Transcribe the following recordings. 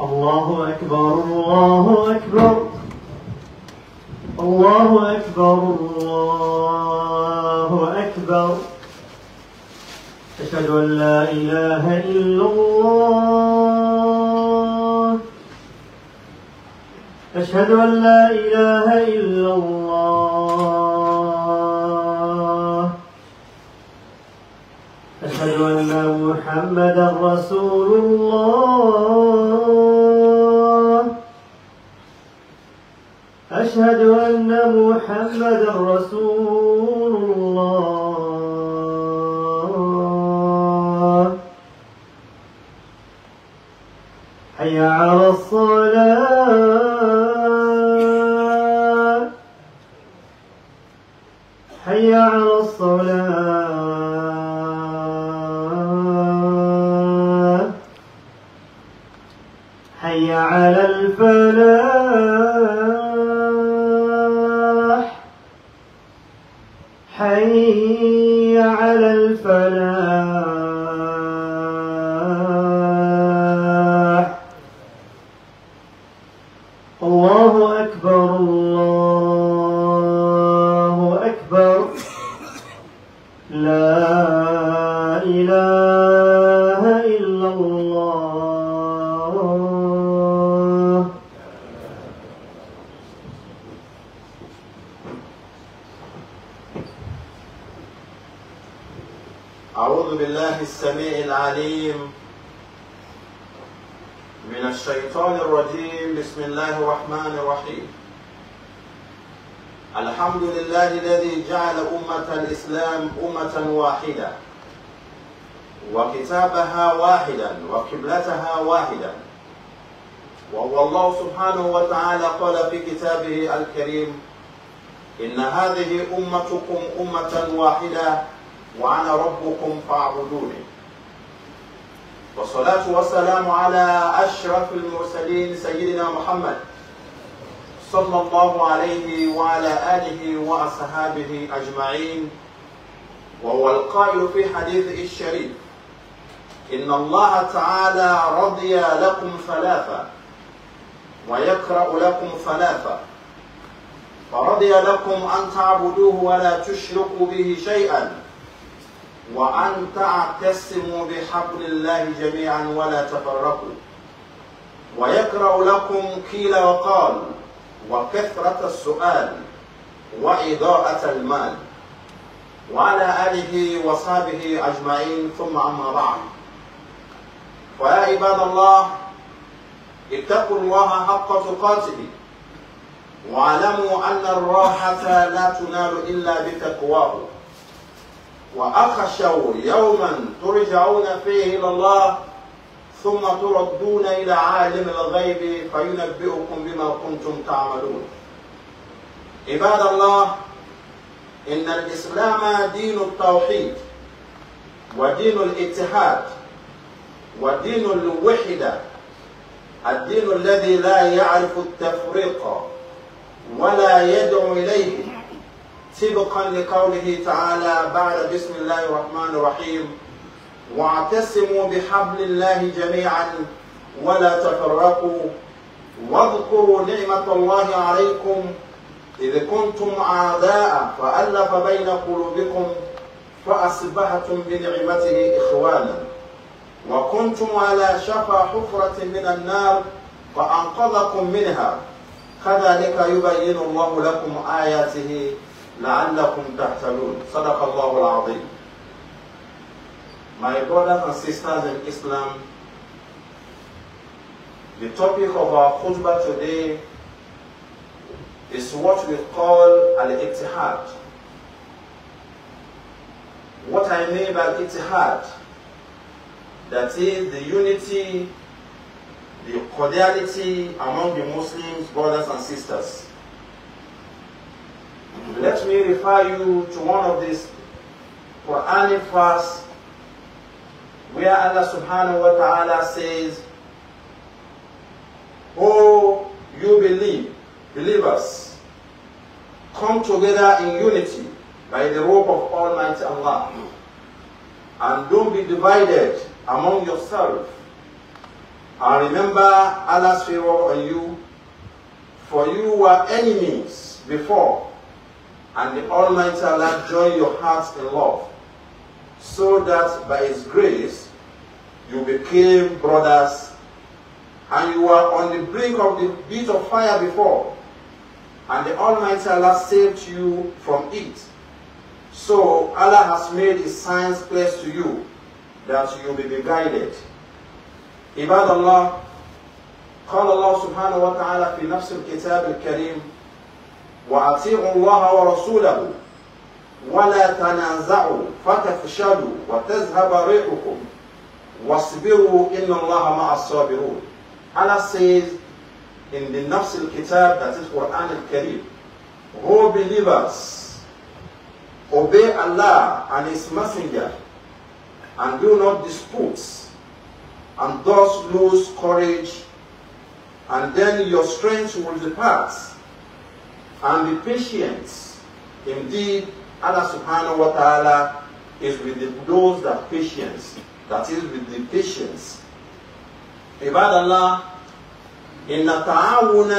الله أكبر الله أكبر الله أكبر الله أكبر أشهد أن لا إله إلا الله أشهد أن لا إله إلا الله أشهد أن محمدا رسول الله محمدا رسول الله حي على الصلاة حي على الصلاة حي على الفلاح أعوذ بالله السميع العليم من الشيطان الرجيم بسم الله الرحمن الرحيم الحمد لله الذي جعل أمة الإسلام أمة واحدة وكتابها واحدا وقبلتها واحدا وهو الله سبحانه وتعالى قال في كتابه الكريم إن هذه أمتكم أمة واحدة وأنا ربكم فاعبدوني والصلاة والسلام على أشرف المرسلين سيدنا محمد صلى الله عليه وعلى آله وأصحابه أجمعين وهو القائل في حديث الشريف إن الله تعالى رضي لكم ثلاثة ويقرأ لكم ثلاثة فرضي لكم أن تعبدوه ولا تشركوا به شيئا وأن تعتصموا بحبل الله جميعا ولا تفرقوا ويكره لكم قيل وقال وكثرة السؤال وإضاءة المال وعلى آله وصحبه أجمعين ثم أما بعد فيا عباد الله اتقوا الله حق تقاته واعلموا أن الراحة لا تنال إلا بتقواه وأخشوا يوما ترجعون فيه إلى الله ثم تردون إلى عالم الغيب فينبئكم بما كنتم تعملون عباد الله إن الإسلام دين التوحيد ودين الاتحاد ودين الوحدة الدين الذي لا يعرف التفريق ولا يدعو إليه طبقا لقوله تعالى بعد بسم الله الرحمن الرحيم واعتصموا بحبل الله جميعا ولا تفرقوا واذكروا نعمة الله عليكم إذ كنتم أعداء فألف بين قلوبكم فأصبحتم بنعمته إخوانا وكنتم على شفا حفرة من النار فأنقذكم منها كذلك يبين الله لكم آياته لعلكم تحتلون صدق الله العظيم My brothers and sisters in Islam, the topic of our khutbah today is what we call al-ittihad. What I mean by ittihad, that is the unity, the cordiality among the Muslims brothers and sisters me refer you to one of these Quranic verse where Allah subhanahu wa ta'ala says, Oh, you believe, believers, come together in unity by the rope of Almighty Allah and don't be divided among yourselves. And remember Allah's favor on you, for you were enemies before and the Almighty Allah join your hearts in love, so that by His grace you became brothers and you were on the brink of the beat of fire before, and the Almighty Allah saved you from it. So Allah has made His signs place to you that you may be guided. عباد الله قال الله سبحانه وتعالى في نفس الكتاب الكريم وأطيعوا الله ورسوله ولا تنازعوا فتفشلوا وتذهب ريحكم واصبروا إن الله مع الصابرون Allah says in the Nafs al that is Quran al-Karim who believers obey Allah and his messenger and do not dispute and thus lose courage and then your strength will depart and be patient. Indeed, Allah subhanahu wa ta'ala is with the, those that patience, that is with the patience. عباد الله إن التعاون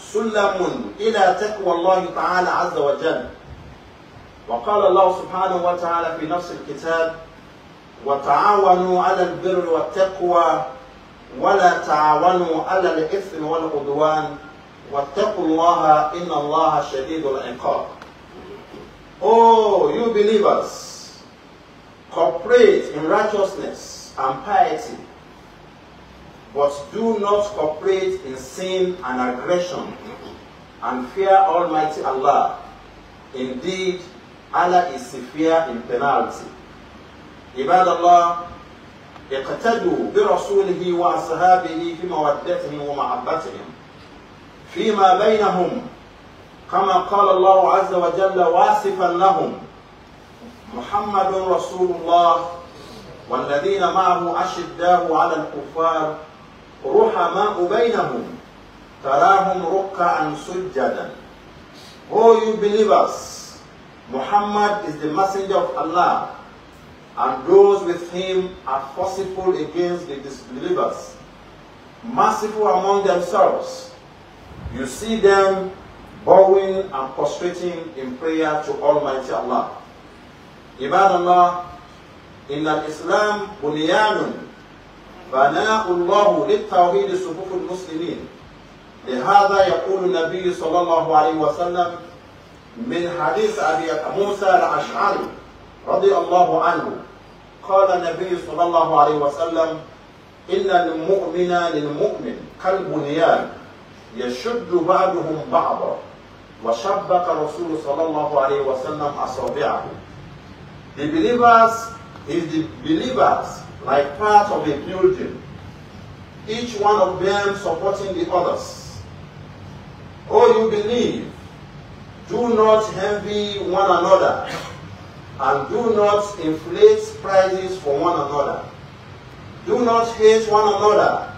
سلم إلى تقوى الله تعالى عز وجل وقال الله سبحانه وتعالى في نفس الكتاب وتعاونوا على البر والتقوى ولا تعاونوا على الإثم والعدوان واتقوا الله إن الله شديد العقاب Oh, you believers, cooperate in righteousness and piety, but do not cooperate in sin and aggression, and fear Almighty Allah. Indeed, Allah is severe in penalty. عباد الله اقتدوا برسوله وأصحابه في مودتهم ومحبتهم فيما بينهم كما قال الله عز وجل واصفا لهم محمد رسول الله والذين معه أشداء على الكفار رحماء بينهم تراهم ركعا سجدا Oh you believers, Muhammad is the messenger of Allah and those with him are forceful against the disbelievers, merciful among themselves You see them bowing and prostrating in prayer to Almighty Allah. عباد الله إن الإسلام بنيان بناه الله للتوحيد صفوف المسلمين لهذا يقول النبي صلى الله عليه وسلم من حديث أبي موسى الأشعري رضي الله عنه قال النبي صلى الله عليه وسلم إن المؤمن للمؤمن كالبنيان يشد بعضهم بعضا وشبك رسول صلى الله عليه وسلم أصابعه The believers is the believers like part of a building, each one of them supporting the others. Oh, you believe, do not envy one another and do not inflate prices for one another. Do not hate one another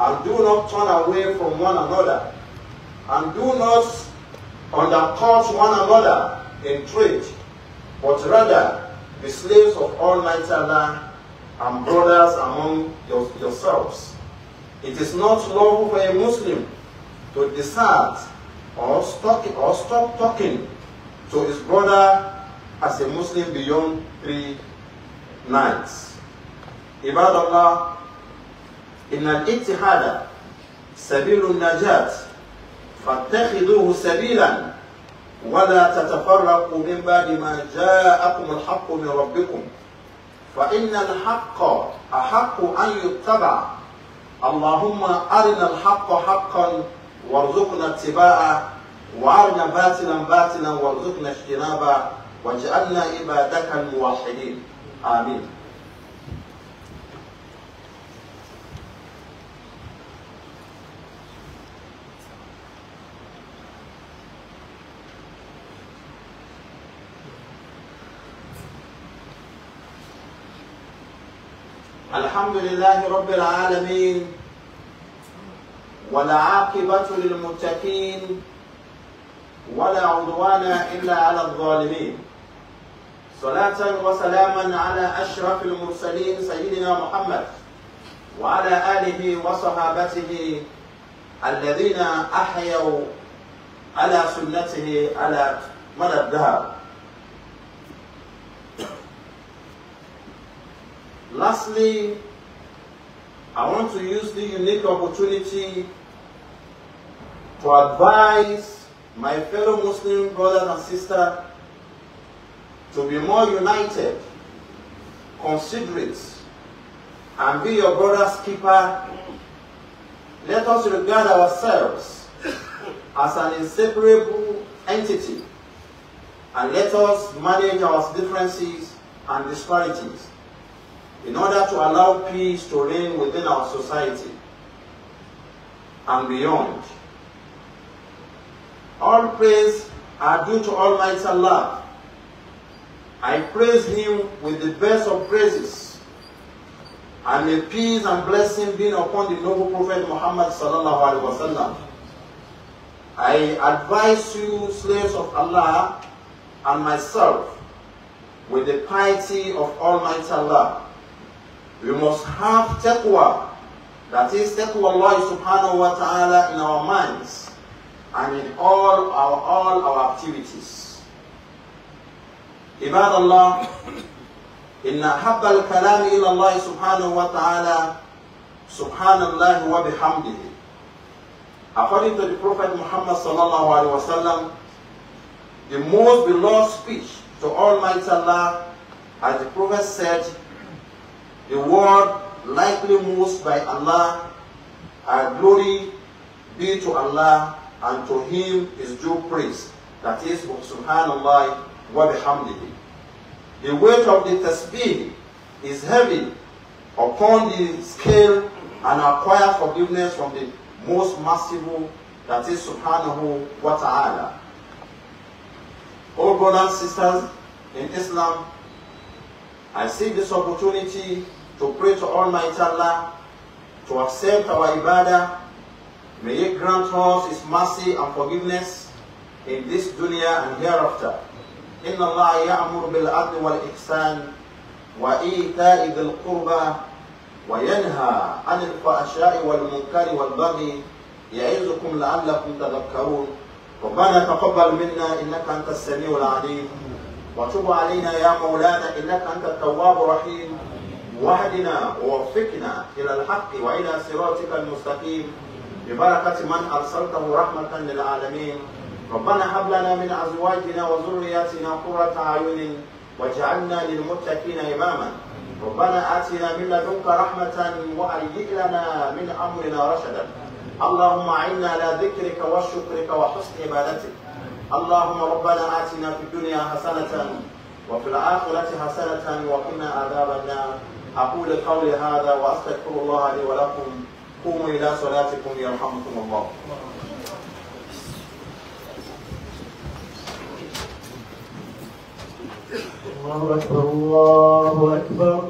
and do not turn away from one another, and do not undercut one another in trade, but rather be slaves of Almighty Allah and brothers among your, yourselves. It is not lawful for a Muslim to desert or stop, or stop talking to his brother as a Muslim beyond three nights. Ibadallah إن الاتحاد سبيل النجاة فاتخذوه سبيلا ولا تتفرقوا من بعد ما جاءكم الحق من ربكم فإن الحق أحق أن يتبع اللهم أرنا الحق حقا وارزقنا اتباعه وأرنا باطلا باطلا وارزقنا اجتنابه واجعلنا عبادك الموحدين آمين الحمد لله رب العالمين والعاقبة للمتقين ولا عدوان إلا على الظالمين صلاة وسلاما على أشرف المرسلين سيدنا محمد وعلى آله وصحابته الذين أحيوا على سنته على مدى الدهر Lastly, I want to use the unique opportunity to advise my fellow Muslim brothers and sisters to be more united, considerate, and be your brother's keeper. Let us regard ourselves as an inseparable entity and let us manage our differences and disparities in order to allow peace to reign within our society and beyond. All praise are due to Almighty Allah. I praise Him with the best of praises. And may peace and blessing be upon the noble Prophet Muhammad sallallahu alaihi wasallam. I advise you, slaves of Allah, and myself, with the piety of Almighty Allah we must have taqwa. That is taqwa Allah subhanahu wa ta'ala in our minds and in all our, all our activities. عباد الله إن أحب الكلام إلى الله سبحانه وتعالى سبحان الله وبحمده According to the Prophet Muhammad الله عليه وسلم, the most beloved speech to Almighty Allah, as the Prophet said, the word likely moved by Allah, our glory be to Allah and to him is due praise. That is subhanallah wa bihamdihi. The weight of the tasbih is heavy upon the scale and acquire forgiveness from the most merciful that is subhanahu wa ta'ala. All oh, brothers and sisters in Islam, I see this opportunity to pray to Almighty Allah to accept our ibadah. May He grant us His mercy and forgiveness in this dunya and hereafter. إن الله يأمر بالعدل والإحسان وإيتاء ذي القربى وينهى عن الفحشاء والمنكر والبغي يعظكم لعلكم تذكرون ربنا تقبل منا إنك أنت السميع العليم وتب علينا يا مولانا إنك أنت التواب الرحيم واهدنا ووفقنا إلى الحق وإلى صراطك المستقيم ببركة من أرسلته رحمة للعالمين ربنا هب لنا من أزواجنا وذرياتنا قرة أعين واجعلنا للمتقين إماما ربنا آتنا من لدنك رحمة وهيئ لنا من أمرنا رشدا اللهم أعنا على ذكرك وشكرك وحسن عبادتك اللهم ربنا آتنا في الدنيا حسنة وفي الآخرة حسنة وقنا عذاب النار أقول قولي هذا وأستغفر الله لي ولكم قوموا إلى صلاتكم يرحمكم الله الله أكبر الله أكبر